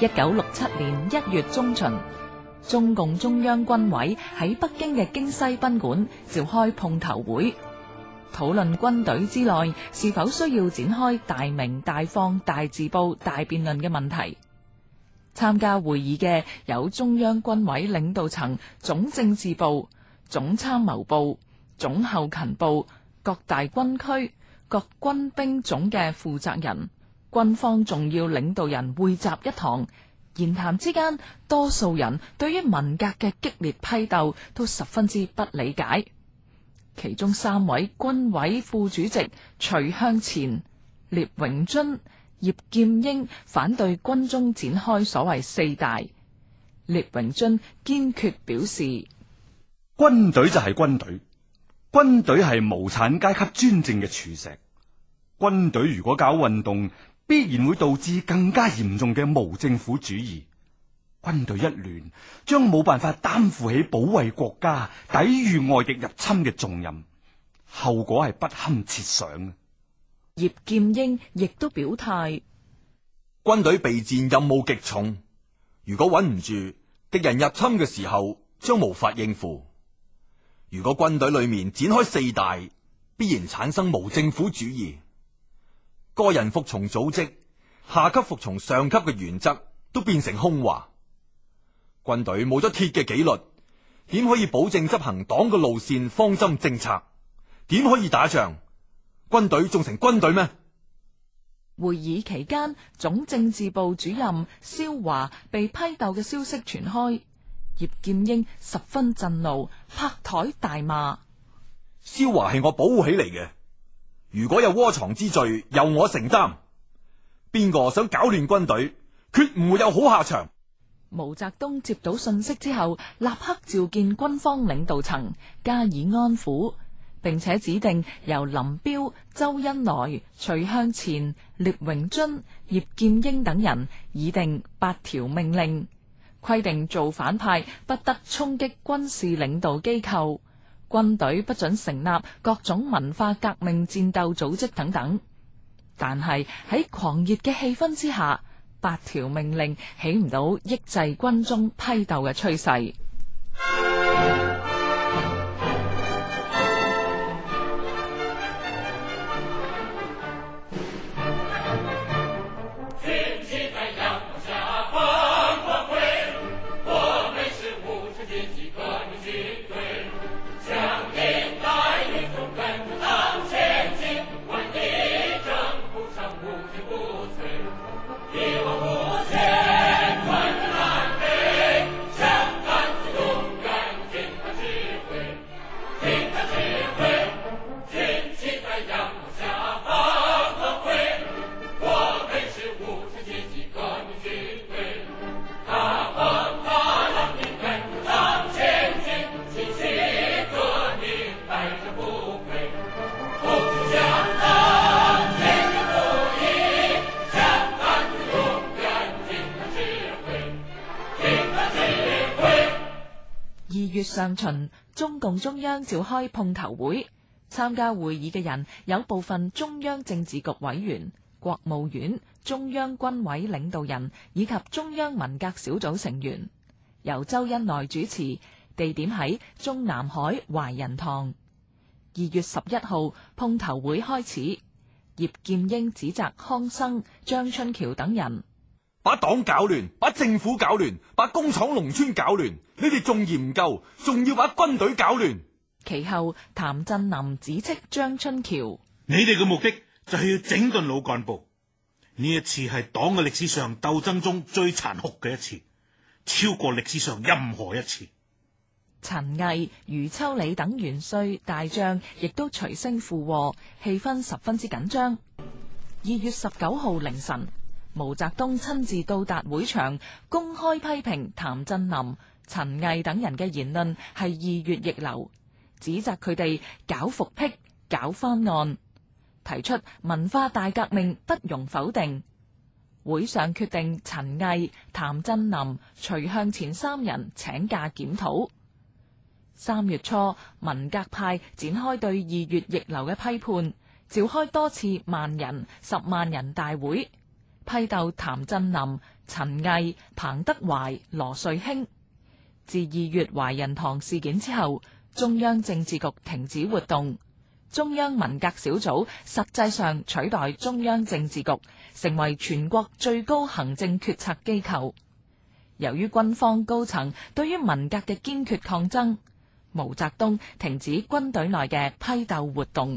一九六七年一月中旬，中共中央軍委喺北京嘅京西賓館召開碰頭會，討論軍隊之內是否需要展開大鳴大放、大字報、大辯論嘅問題。參加會議嘅有中央軍委領導層、總政治部、總參謀部、總後勤部、各大軍區、各軍兵種嘅負責人。軍方重要領導人匯集一堂，言談之間，多數人對於文革嘅激烈批鬥都十分之不理解。其中三位軍委副主席徐向前、聶榮臻、葉劍英反對軍中展開所謂四大。聶榮臻堅決表示：軍隊就係軍隊，軍隊係無產階級專政嘅柱石。軍隊如果搞運動，必然會導致更加嚴重嘅無政府主義。軍隊一亂，將冇辦法擔負起保衛國家、抵禦外敵入侵嘅重任，後果係不堪設想。葉劍英亦都表態：軍隊備戰任務極重，如果穩唔住，敵人入侵嘅時候，將無法應付。如果軍隊裏面展開四大，必然產生無政府主義。個人服從組織，下級服從上級嘅原則都變成空話。軍隊冇咗鐵嘅紀律，點可以保證執行黨嘅路線方針政策？點可以打仗？軍隊仲成軍隊咩？會議期間，總政治部主任蕭華被批鬥嘅消息傳開，葉劍英十分震怒，拍台大罵：蕭華係我保護起嚟嘅。如果有窩藏之罪，由我承擔。邊個想搞亂軍隊，決唔會有好下場。毛澤東接到信息之後，立刻召見軍方領導層加以安撫，並且指定由林彪、周恩來、徐向前、聶榮臻、葉劍英等人擬定八條命令，規定造反派不得衝擊軍事領導機構。軍隊不准成立各種文化革命戰鬥組織等等，但係喺狂熱嘅氣氛之下，八條命令起唔到抑制軍中批鬥嘅趨勢。二月上旬，中共中央召開碰頭會，參加會議嘅人有部分中央政治局委員、國務院、中央軍委領導人以及中央文革小組成員，由周恩來主持，地點喺中南海懷仁堂。二月十一號碰頭會開始，葉劍英指責康生、張春橋等人。把黨搞亂，把政府搞亂，把工廠、農村搞亂，你哋仲嫌唔夠，仲要把軍隊搞亂。其後，譚震林指斥張春橋，你哋嘅目的就係要整頓老幹部。呢一次係黨嘅歷史上鬥爭中最殘酷嘅一次，超過歷史上任何一次。陳毅、余秋里等元帥大將亦都隨聲附和，氣氛十分之緊張。二月十九號凌晨。毛澤東親自到達會場，公開批評譚振林、陳毅等人嘅言論係二月逆流，指責佢哋搞復辟、搞翻案，提出文化大革命不容否定。會上決定陳毅、譚振林、徐向前三人請假檢討。三月初，文革派展開對二月逆流嘅批判，召開多次萬人、十萬人大會。批鬥譚震林、陳毅、彭德懷、羅瑞卿。自二月懷仁堂事件之後，中央政治局停止活動，中央文革小組實際上取代中央政治局，成為全國最高行政決策機構。由於軍方高層對於文革嘅堅決抗爭，毛澤東停止軍隊內嘅批鬥活動。